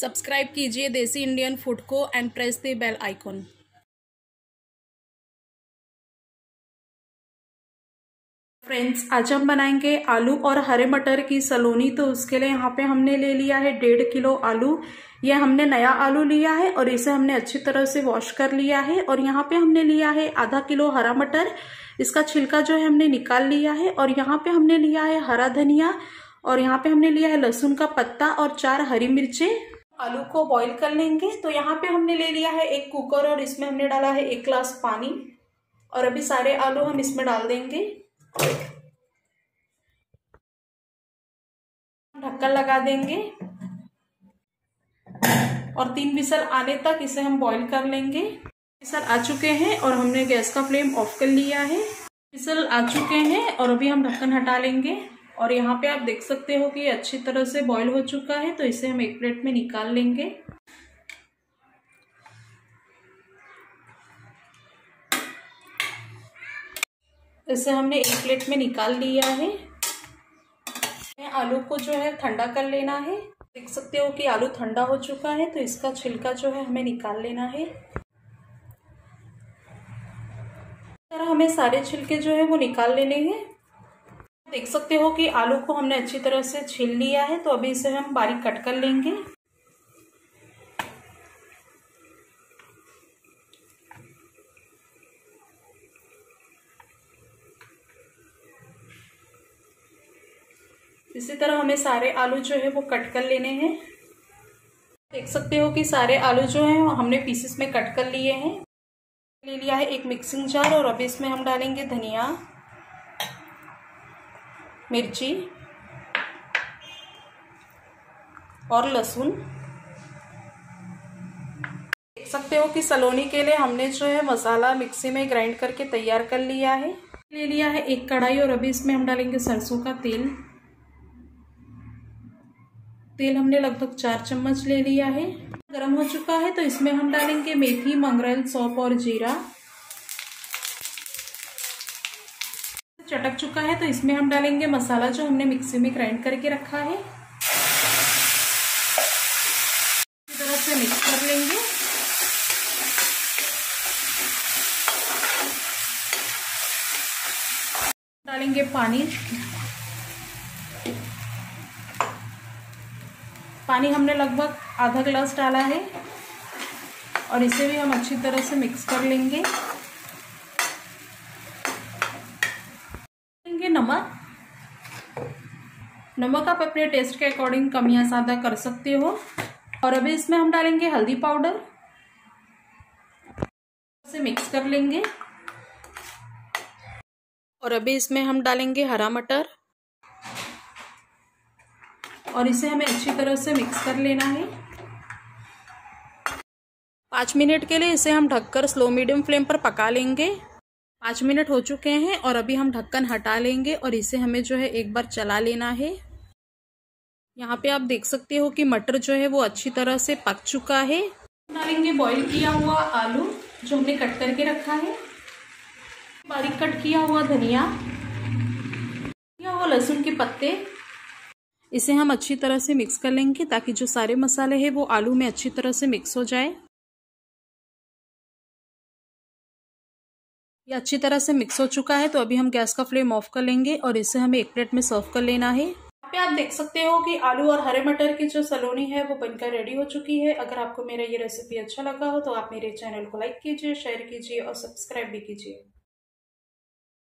subscribe कीजिए desi Indian food को and press the bell icon friends आज हम बनाएंगे आलू और हरे मटर की सलोनी तो उसके लिए यहाँ पे हमने ले लिया है डेढ़ किलो आलू यह हमने नया आलू लिया है और इसे हमने अच्छी तरह से वॉश कर लिया है और यहाँ पे हमने लिया है आधा किलो हरा मटर इसका छिलका जो है हमने निकाल लिया है और यहाँ पे हमने लिया है हरा धनिया और यहाँ पे हमने लिया है लहसुन का पत्ता और चार हरी मिर्चें आलू को बॉईल कर लेंगे तो यहाँ पे हमने ले लिया है एक कुकर और इसमें हमने डाला है एक ग्लास पानी और अभी सारे आलू हम इसमें डाल देंगे ढक्कन लगा देंगे और तीन मिसल आने तक इसे हम बॉईल कर लेंगे मिसल आ चुके हैं और हमने गैस का फ्लेम ऑफ कर लिया है मिसल आ चुके हैं और अभी हम ढक्कन हटा लेंगे और यहाँ पे आप देख सकते हो कि अच्छी तरह से बॉईल हो चुका है तो इसे हम एक प्लेट में निकाल लेंगे इसे हमने एक प्लेट में निकाल लिया है आलू को जो है ठंडा कर लेना है देख सकते हो कि आलू ठंडा हो चुका है तो इसका छिलका जो है हमें निकाल लेना है तरह हमें सारे छिलके जो है वो निकाल लेने हैं देख सकते हो कि आलू को हमने अच्छी तरह से छील लिया है तो अभी इसे हम बारीक कट कर लेंगे इसी तरह हमें सारे आलू जो है वो कट कर लेने हैं देख सकते हो कि सारे आलू जो हैं हमने पीसेस में कट कर लिए हैं ले लिया है एक मिक्सिंग जार और अभी इसमें हम डालेंगे धनिया मिर्ची और लहसुन देख सकते हो कि सलोनी के लिए हमने जो है मसाला मिक्सी में ग्राइंड करके तैयार कर लिया है ले लिया है एक कढ़ाई और अभी इसमें हम डालेंगे सरसों का तेल तेल हमने लगभग चार चम्मच ले लिया है गरम हो चुका है तो इसमें हम डालेंगे मेथी मंगरेल सौंप और जीरा चटक चुका है तो इसमें हम डालेंगे मसाला जो हमने मिक्सी में ग्राइंड करके रखा है इसी तरह से मिक्स कर लेंगे डालेंगे पानी पानी हमने लगभग आधा ग्लास डाला है और इसे भी हम अच्छी तरह से मिक्स कर लेंगे नमक नमक आप अपने टेस्ट के अकॉर्डिंग कम या ज़्यादा कर सकते हो और अभी इसमें हम डालेंगे हल्दी पाउडर से मिक्स कर लेंगे और अभी इसमें हम डालेंगे हरा मटर और इसे हमें अच्छी तरह से मिक्स कर लेना है पाँच मिनट के लिए इसे हम ढककर स्लो मीडियम फ्लेम पर पका लेंगे पाँच मिनट हो चुके हैं और अभी हम ढक्कन हटा लेंगे और इसे हमें जो है एक बार चला लेना है यहाँ पे आप देख सकते हो कि मटर जो है वो अच्छी तरह से पक चुका है डालेंगे बॉईल किया हुआ आलू जो हमने कट करके रखा है बारीक कट किया हुआ धनिया किया हुआ लहसुन के पत्ते इसे हम अच्छी तरह से मिक्स कर लेंगे ताकि जो सारे मसाले हैं वो आलू में अच्छी तरह से मिक्स हो जाए ये अच्छी तरह से मिक्स हो चुका है तो अभी हम गैस का फ्लेम ऑफ कर लेंगे और इसे हमें एक प्लेट में सर्व कर लेना है यहाँ पे आप देख सकते हो कि आलू और हरे मटर की जो सलोनी है वो बनकर रेडी हो चुकी है अगर आपको मेरा ये रेसिपी अच्छा लगा हो तो आप मेरे चैनल को लाइक कीजिए शेयर कीजिए और सब्सक्राइब भी कीजिए